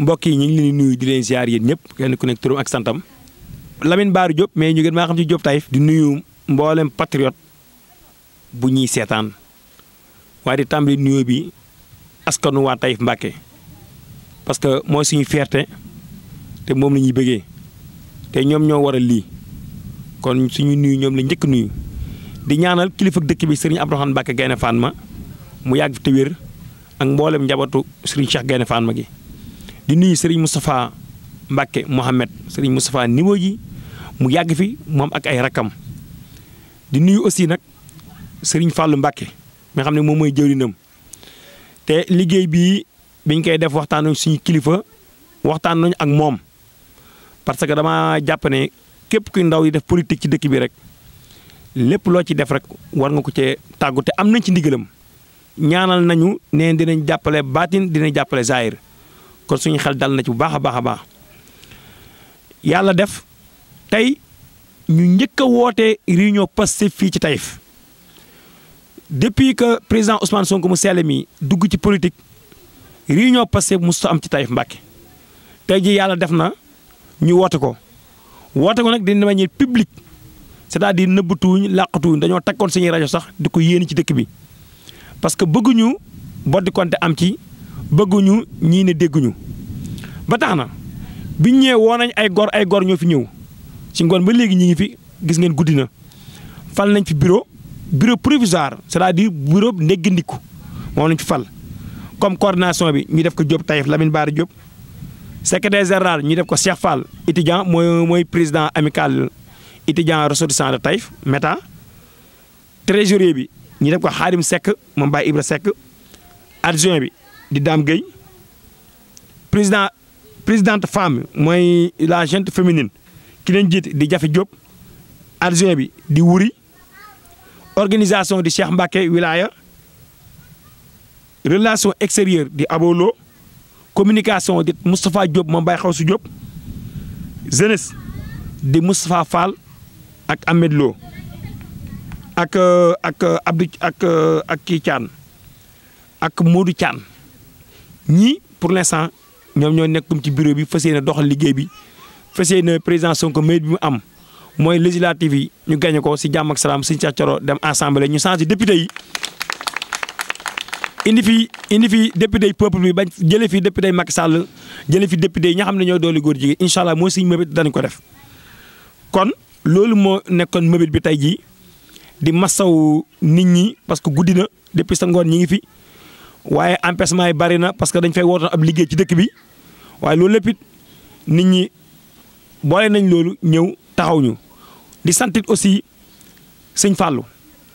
mbokk yi ñu ngi leen nuyu di leen ziar yéen ñëpp kenn ku nekk ak santam Lamine baar Diop mais ñu gën maa xam ci Diop Taïf di nuyu mbooleem patriote bu ñuy seetaan waaye di tàmbali nuyoo bi askanu waa Taïf Mbàkke parce que mooy suñu fierté te moom la ñuy bëggee te ñoom ñoo waral lii kon suñu nuyu ñoom la njëkk nuyu di ñaanal kilifa dëkk bi sëriñ Abdourahmane Mbàkke Gaynde Fatma mu yàgg fi te ak mboolem njabootu sëriñ Cheikh Gaynde Fatma gi di nuyu Serigne Moustapha Mbacke Mohamed Serigne Moustapha niveau ji mu yàgg fi moom ak ay rakkam di nuyu aussi nag sëriñ Fallou Mbacke nga xam ne moom mooy jëwriñam te liggéey bi biñ koy def waxtaan suñu kilifa waxtaan nañ ak moom parce que dama jàppane képp kuy ndaw yi def politique ci dëkk bi rek lépp loo ci def rek war nga ko cee tàggu te am nañ ci ndigalam ñaanal nañu ne dinañ jàppale baatin dinañ jàppale zaahir kon suñu xel dal na ci bu baax a baax a baax yàlla def tey ñu njëkk a woote réunion Pastef fii ci Taïf depuis que président Ousmane Sonko mu seele mi dugg ci politique réunion Pastef mosut am ci Taïf Mbàkke tey ji yàlla def na ñu woote ko woote ko nag dina manière publique c'est-à-dire nëbbatuwuñ làqatuwuñ dañoo takkoon suñuy rajo sax di ko yéene ci dëkk bi parce bëgguñu boddi konte am ci. bëgguñu ñii ne dégguñu ba tax na biñ ñëwee woo nañ ay gor ay gor ñoo fi ñëw si ngoon ba léegi ñi ngi fi gis ngeen guddi na fal nañ fi bureau bureau provisoire c'est-à-dire bureau néggandiku moom nañ fi fal comme coordination bi ñu def ko Diop Taïf Lamine Bara Diop secrétaire général ñu def ko Cheikh fal étudiant mooy mooy président amical étudiant ressortissant de Taïf META trésorier bi ñu def ko Xaadim sekk moom Baye Ibra sekk adjoint bi di Dame Gueye président présidente femme mooy la gente féminine ki leen jiite di Jafe Diop adjoint bi di Wuri organisation di Cheikh Mbacke wilaya relation extérieure di Abolo communication di Moustapha Diop moom Baye Xawsu Diop jeunesse di Moustapha Fall ak Ahmed Lo ak euh, ak euh, Abdou ak euh, ak kii Thian ak Modou Thian ñii pour sant ñoom ñoo nekkum ci bureau bi fas yéene doxal liggéey bi fas yéene président Sonko mérite bi mu am mooy législative yi ñu gagné ko si jàmm salaam si càccoro dem assemblée ñu changé député yi indi fi indi fi député yi peuple bi bañ jëlee fi député yi Macky Sall jëlee fi député yi nga xam ne ñoo doole góor jigéen incha allah mooy suñu mëbët dañ ko def. kon loolu moo nekkoon mëbët bi tey jii di masaw nit ñi parce que guddi na depuis sa ngoon ñi ngi fi. waaye empêchement yi bari na parce que dañ fay wootoon ab liggéey ci dëkk bi waaye loolu lépp it nit ñi boole nañ loolu ñëw taxaw ñu di santit aussi sëñ Fallou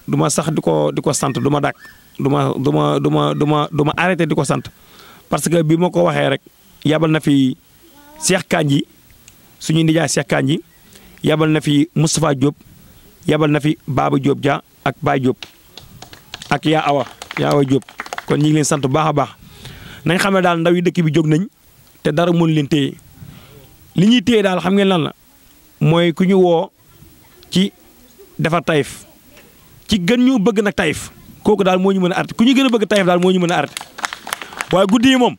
duma sax di ko di ko sant du ma dàkk du ma du ma duma ma du ma du ma di ko sant parce que bi ma ko waxee rek yabal na fi Cheikh Kandji suñu nijaay Cheikh yi yabal na fi Moustapha jóob yabal na fi Baba jóob Dia ak Baye jóob ak yaa Awa yaa Awa Diop kon ñu ngi leen sant bu baax a baax nañ xam ne daal ndaw yi dëkk bi jóg nañ te dara mën leen téye li ñuy téye daal xam ngeen lan la mooy ku ñu woo ci defar tayif ci gën ñu bëgg nag tayif kooku daal moo ñu mën a arrêté ku ñu gën a bëgg tayif daal moo ñu mën a arrêté waaye guddi yi moom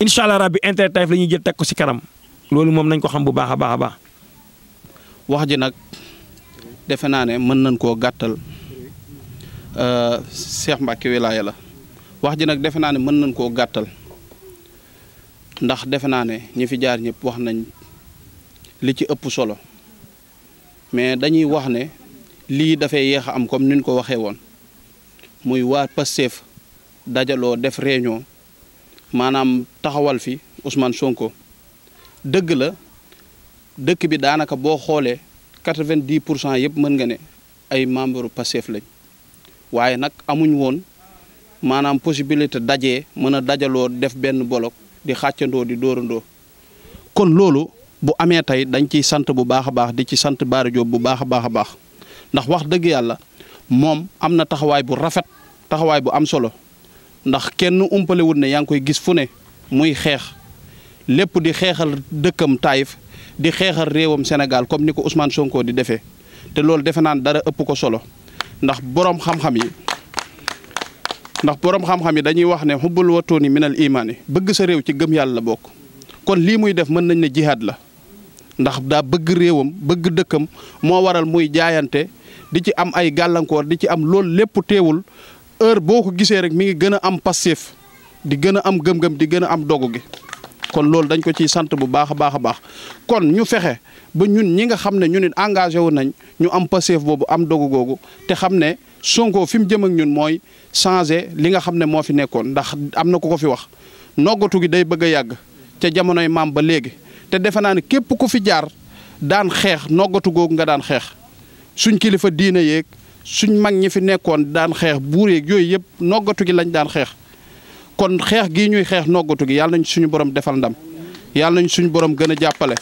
incha allah rabbi intérêt tayif la ñuy jël teg ko si kanam loolu moom nañ ko xam bu baax a baax a baax. wax ji nag defe naa ne mën nañ koo gàttal. Euh, Cheikh Mbacke wilaaya la wax ji nag defe naa ne mën nañ koo gàttal ndax defe naa ne ñi fi jaar ñëpp wax nañ li ci ëpp solo mais dañuy wax ne lii dafay yéex a am comme nuñ ko waxee woon muy waa Pastef dajaloo def réunion maanaam taxawal fi Ousmane Sonko dëgg la dëkk bi daanaka boo xoolee quatre-vingt-dix pour cent yëpp mën nga ne ay membre Pastef lañ waaye nag amuñ woon maanaam possibilité dajee mën a dajaloo def benn bolok di xàccandoo di dóorandoo kon loolu bu amee tey dañ ciy sant bu baax a baax di ci sant Bara bu baax a baax a baax ndax wax dëgg yàlla moom am na taxawaay bu rafet taxawaay bu am solo ndax kenn umpalewut ne yaa ngi koy gis fu ne muy xeex lépp di xeexal dëkkam tayif di xeexal réewam Sénégal comme ni ko Ousmane Sonko di defee te loolu defe naan dara ëpp ko solo ndax boroom xam-xam yi ndax boroom xam-xam yi dañuy wax ne xubbul watooni minal imaani bëgg sa réew ci gëm yàlla bokk kon lii muy def mën nañ ne jihaad la ndax daa bëgg réewam bëgg dëkkam moo waral muy jaayante di ci am ay gàllankoor di ci am lool lépp teewul heure boo ko gisee rek mi ngi gën a am passif di gën a am gëm-gëm di gën a am dogu gi kon loolu dañ ko ciy sant bu baax a baax a baax kon ñu fexe ba ñun ñi nga xam ne ñu it engagé wu nañ ñu am passeef boobu am dogu googu te xam ne Sonko fi mu jëm ak ñun mooy changé li nga xam ne moo fi nekkoon ndax am na ku ko fi wax noggatu gi day bëgg a yàgg ca jamonoy maam ba léegi te defe naa ne képp ku fi jaar daan xeex noggatu googu nga daan xeex suñ kilifa diine yeeg suñ mag ñi fi nekkoon daan xeex buur yeeg yooyu yëpp noggatu gi lañ daan xeex kon xeex gii ñuy xeex noggatu gi yàlla nañ suñu borom defal ndam yàlla nañ suñu borom gën a jàppale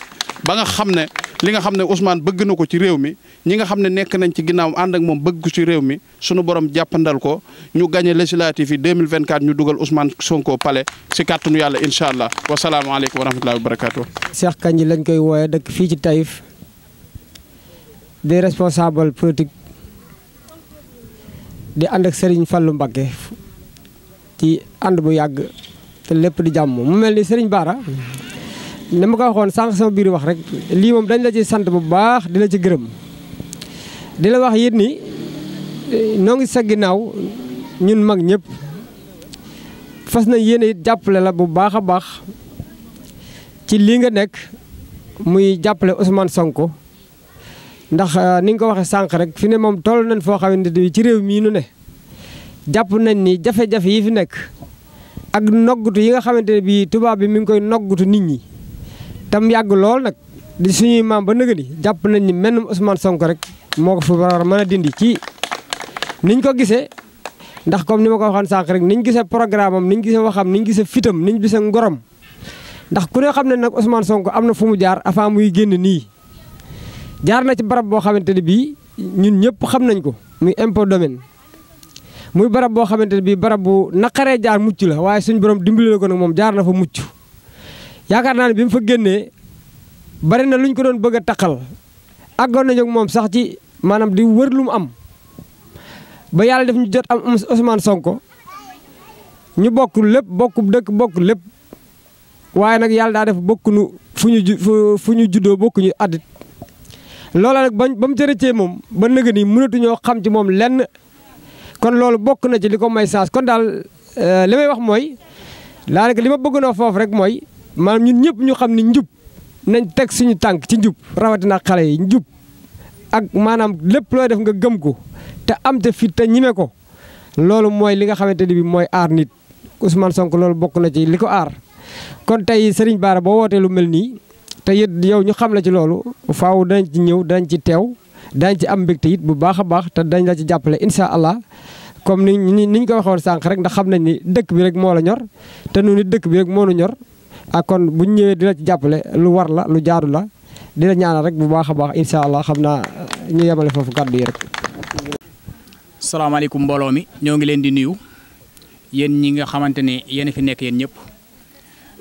ba nga xam ne li nga xam ne Ousmane bëgg na ko ci réew mi ñi nga xam ne nekk nañ ci ginnaaw ànd ak moom bëgg ko ci réew mi suñu borom jàppandal ko ñu gagné législative yi 2024 ñu dugal Ousmane Sonko palais si kàttanu yàlla incha allah wasalaamualeykum wa rahmatullahi wa seex kañ Kandji lañ koy wooye dëkk fii ci Taïf di responsable politique di ànd ak Serigne Fallou ànd bu yàgg te lépp di jàmm mu mel ni Serigne Bara ni ma ko waxoon sànq sama biir wax rek lii moom dañ la ci sant bu baax di la ci gërëm di la wax yit ni noo ngi sa ginnaaw ñun mag ñépp fas na yéene it jàppale la bu baax a baax ci lii nga nekk muy jàppale Ousmane Sonko ndax euh, niñ ko waxee sànq rek fi ne moom toll nañ foo xamante ni ci réew mii nu ne jàpp nañ ni jafe-jafe yi fi nekk ak noggutu yi nga xamante ne bii tubaab bi mi ngi koy noggutu nit ñi tam yàgg lool nag di suñuy maam ba nëgë ni jàpp nañ ni mennum Ousmane sonk rek moo ko fa war a mën a dindi ci niñ ko gisee ndax comme ni ma ko waxoon sànq rek niñ gisee programme am niñ gisee waxam niñ gisee fitam niñ gisee ngorom ndax ku ne xam ne nag usmaan sonk am na fu mu jaar avant muy génn nii jaar na ci barab boo xamante ne bii ñun ñëpp xam nañ ko muy impôt domaine muy barab boo xamante ne bii barab bu naqaree jaar mucc la waaye suñ borom dimbali la ko nag moom jaar na fa mucc yaakaar naa ne bi mu fa génnee bari na luñ ko doon bëgg a taqal àggoon nañu ak moom sax ci maanaam di wër lu am ba yàlla def ñu jot am Ousmane Sonko ñu bokk lépp bokk dëkk bokk lépp waaye nag yàlla daa def bokkuñu fu ñu fu ñu juddoo bokkuñu addit loola nag ba mu ca rëccee moom ba nëgë nii mënatuñoo xam ci moom lenn. kon loolu bokk na ci li ko may saas kon daal euh, li may wax mooy daanaka li ma bëgg na foofu rek mooy maanaam ñun ñëpp ñu xam ni njub nañ teg suñu tànk ci njub rawatina xale yi njub ak maanaam lépp looy def nga gëm ko te am te fit te ñime ko loolu mooy li nga xamante ni bi mooy aar nit Ousmane Sonko loolu bokk na ci li ko aar kon tey Serigne Bara boo wootee lu mel nii te it yow ñu xam la ci loolu faaw danañ ci ñëw danañ ci teew dañ ci am mbégte it bu baax a baax te dañ la ci jàppale incha allah comme ni ni ñu ko waxoon sànq rek ndax xam nañ ni dëkk bi rek moo la ñor te nu ni dëkk bi rek moo nu ñor ak ah, kon bu ñëwee di la ci jàppale lu war la lu jaadu la di la ñaanal rek bu baax a baax incha allah xam naa ñu yemale foofu kàddu yi rek. salaamaaleykum mbooloo mi ñoo ngi leen di nuyu yéen ñi nga xamante ne yéen fi nekk yéen ñëpp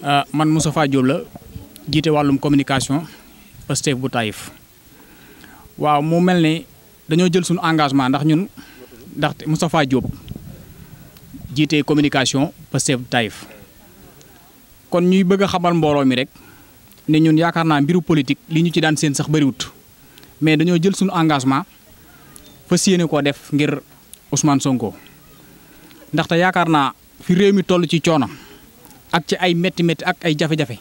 ah, man Moustapha la jiite wàllum communication Pastef bu Taïf waaw mu mel ni dañoo jël suñu engagement ndax ñun ndaxte Moustapha Diop jiite communication Pastef Taïf kon ñuy bëgg a xamal mbooloo mi rek ne ñun yaakaar naa mbiru politique li ñu ci daan séen sax bëriwut mais dañoo jël suñu engagement fas yéene koo def ngir Ousmane Sonko ndaxte yaakaar naa fi réew mi toll ci coono ak ci ay métti métti ak ay jafe-jafe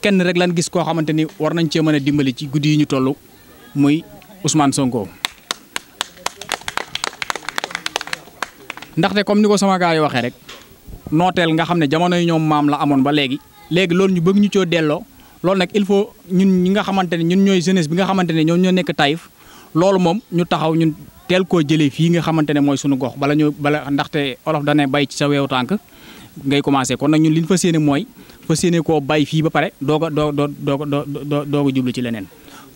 kenn rek lan gis koo xamante ni war nañ cee mën a dimbali ci guddi yi ñu toll. muy Ousmane Sonko. ndaxte comme ni ko sama gaa yi waxee rek nooteel nga xam ne jamono yi ñoom maam la amoon ba léegi léegi loolu ñu bëgg ñu coo delloo loolu nag il faut ñun ñi nga xamante ne ñun ñooy jeunesse bi nga xamante ne ñoom ñoo nekk Taïf loolu moom ñu taxaw ñun teel koo jëlee fii nga xamante ne mooy suñu gox bala ñu bala ndaxte olof dane bay ci sa weewu tànk ngay commencé kon nag ñun li ñu fas yéene mooy fas yéene koo bay fii ba pare doog a doo doo jublu ci leneen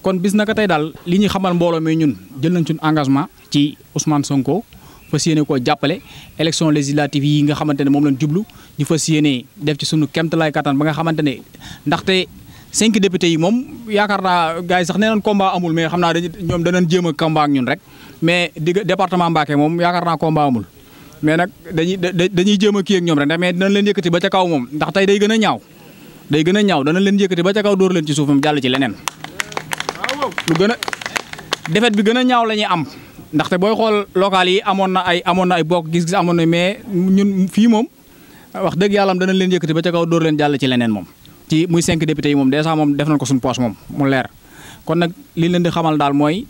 kon bis naka tey daal li ñuy xamal mbooloo mi ñun jël nañ suñu engagement ci Ousmane Sonko fas yéene koo jàppale élection législative yi nga xamante ne moom lañ jublu ñu fas yéene def ci suñu kemtalaay kattan ba nga xamante ne ndaxte cinq députés yi moom yaakaar naa gars yi sax nee nañ combat amul mais xam naa dañuy ñoom danañ jéem a combat ak mais digg département moom yaakaar naa combat amul. mais nag dañuy dañuy a kii ak ñoom rek mais dinañ leen yëkkati ba ca kaw moom ndax tey day gën a ñaaw day a ñaaw danañ leen yëkkati ba ca kaw dóor leen ci suufam jàll ci leneen. lu gën a defet bi gën a ñaaw la ñuy am ndaxte booy xool local yi amoon na ay amoon na ay bokk gis-gis amoon na mais ñun fii moom wax dëgg yàlla danañ leen yëkkati ba ca kaw dóor leen jàll ci leneen moom. ci muy cinq députés yi moom déjà moom def nañ ko suñu poche moom mu leer kon nag lii leen di xamal daal mooy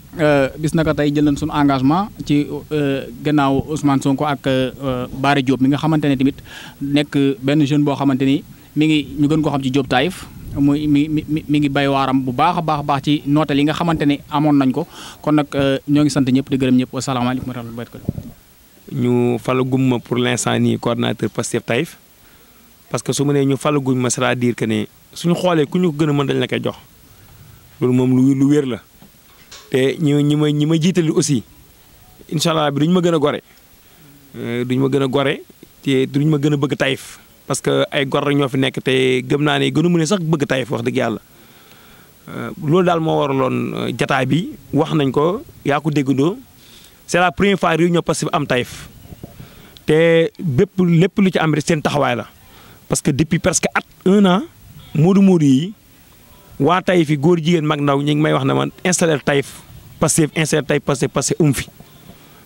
bis euh, naka tey jël na suñu engagement ci euh, gannaaw Ousmane Sonko ak euh, Bari Diop mi nga xamante ne tamit nekk benn jeune boo xamante ni mi ngi ñu gën koo xam ci Diop Taïf. muy mi mi mi ngi bay waaram bu baax a baax baax ci nootal yi nga xamante ne amoon nañ ko kon nag euh, ñoo ngi sant ñëpp di gërëm ñëpp wasalaamaaleykum wa rahmatulah. ñu falagum ma pour l' instant nii coordonnateur Pastef Taïf parce que su ma nee ñu falagum ma cest que ne suñu xoolee ku ñu gën a mën dañ la koy jox loolu moom lu lu wér la te ñu ñi ma ñi ma jiitali aussi incha allah bi duñ ma gën a gore euh, duñ ma gën a gore te duñ ma gën a bëgg Taïf. parce que ay gor ñoo fi nekk te gëm naa ni gënu mu ne sax bëgg Taïf wax dëgg yàlla euh, loolu daal moo waraloon euh, jataay bi wax nañ ko yaa ko déggandoo c'est la première fois réunion Pastef am Taïf te bépp lépp lu ci am rek seen taxawaay la parce que depuis presque at un an moodu yi waa Taïf yi góor jigéen mag ndaw ñu ngi may wax ne man installé Taïf Pastef installé Taïf Pastef Pastef um fi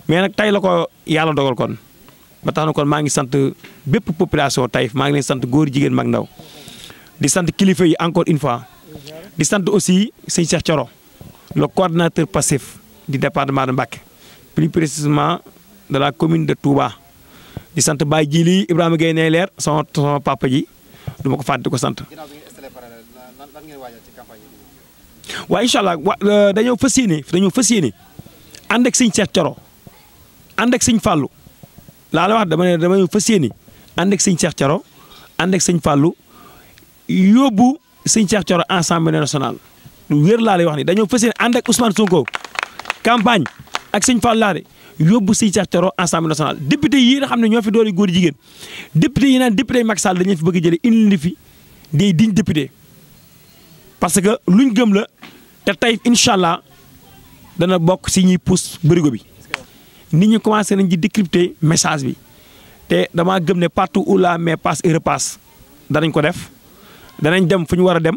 mais nag tey la ko yàlla dogal kon ba kon maa ngi sant bépp population Taïf maa ngi leen sant góor jigéen mag ndaw di sant kilifa yi encore une fois di sant aussi sëñ Cheikh Thioro le coordinateur passif du département de Mbacké plus précisément de la commune de Touba di sant Baye Djili Ibrahima Gueye ne leer sama sama papa ji du ko fàtte di ko sant. waaw incha euh, dañoo fas yéene dañoo fas yéene ànd ak sëñ Cheikh Thioro laa la wax dama ne damay fas yéene ànd ak sëñ Cheikh Thioro ànd ak sëñ Fallou yóbbu sëñ Cheikh Thioro Assemblée nationale lu wér laa lay wax ni dañoo fas yéene ànd ak Ousmane Sonko campagne ak sëñ Fallou laa de yóbbu sëñ Cheikh Thioro Assemblée nationale député yi nga xam ne ñoo fi doole góor jigéen député yi naan député Macky Sall dañu fi bëgg jëlee indi fi des dignes députés parce que luñ gëm la te tey incha allah dana bokk si ñuy pousse bërigo bi. nit ñi commencé nañ di décrypter message bi te damaa gëm ne partout où la main passe et repasse danañ ko def danañ dem fu ñu war a dem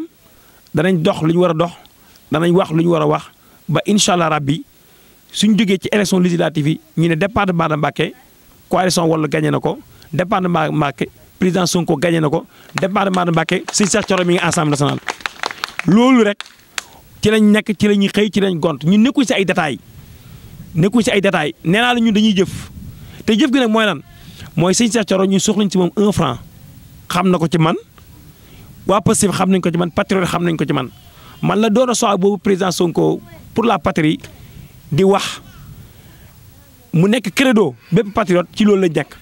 danañ dox lu ñu war a dox danañ wax lu ñu war a wax ba incha allah rabbi suñ jógee ci élection législative ñu ne département de Mbacké coalition Wallu gagné na ko département de Mbacké président Sonko gagné na ko département de Mbacké Serigne Cheikh Thioro mi ngi Assemblée nationale. loolu rek ci lañ nekk ci la ñuy xëy ci lañ gont ñu nekkul si ay détails. nekkul ci ay détails nee naa la dañuy jëf te jëf gi nag mooy lan mooy sëñ Cheikh Thioro ñun soxlañ ci moom un franc xam na ko ci man waa Pastef xam nañ ko ci man patriote xam nañ ko ci man man la doon a boobu président Sonko pour la patrie di wax mu nekk credo bépp patriote ci loolu lañ nekk.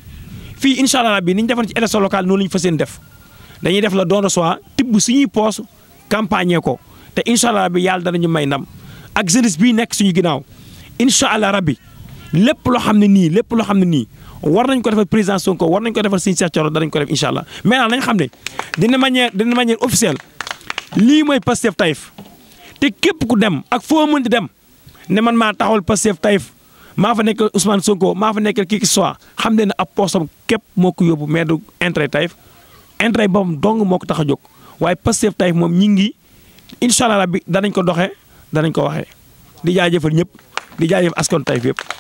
fii incha bi ni ñu defoon ci élection locale noonu la ñu fas yéene def dañuy def la don de soi tibb suñuy poos campagne ko te incha allah bi yàlla danañu may ndam ak jeunesse bii nekk suñu ginnaaw. incha allah rabbi lépp loo xam ne nii lépp loo xam ne nii war nañ ko defal président Sonko war nañ ko defal Serigne Cheikh Thioro danañ ko def incha allah maintenant nañ xam ne dina manière dina manière officielle lii mooy Pastef Taïf te képp ku dem ak foo mën di dem ne man maa taxawal Pastef Taïf maa fa nekk Ousmane Sonko maa fa nekk kii ki soit xam ne ne ab poosam képp moo ko yóbbu mais du intérêt Taïf intérêt boppam dong moo ko tax a jóg waaye Pastef Taïf moom ñi ngi incha allah rabbi danañ ko doxee danañ ko waxee di jaajëfal ñëpp. di jaajëf askan Taif yëpp.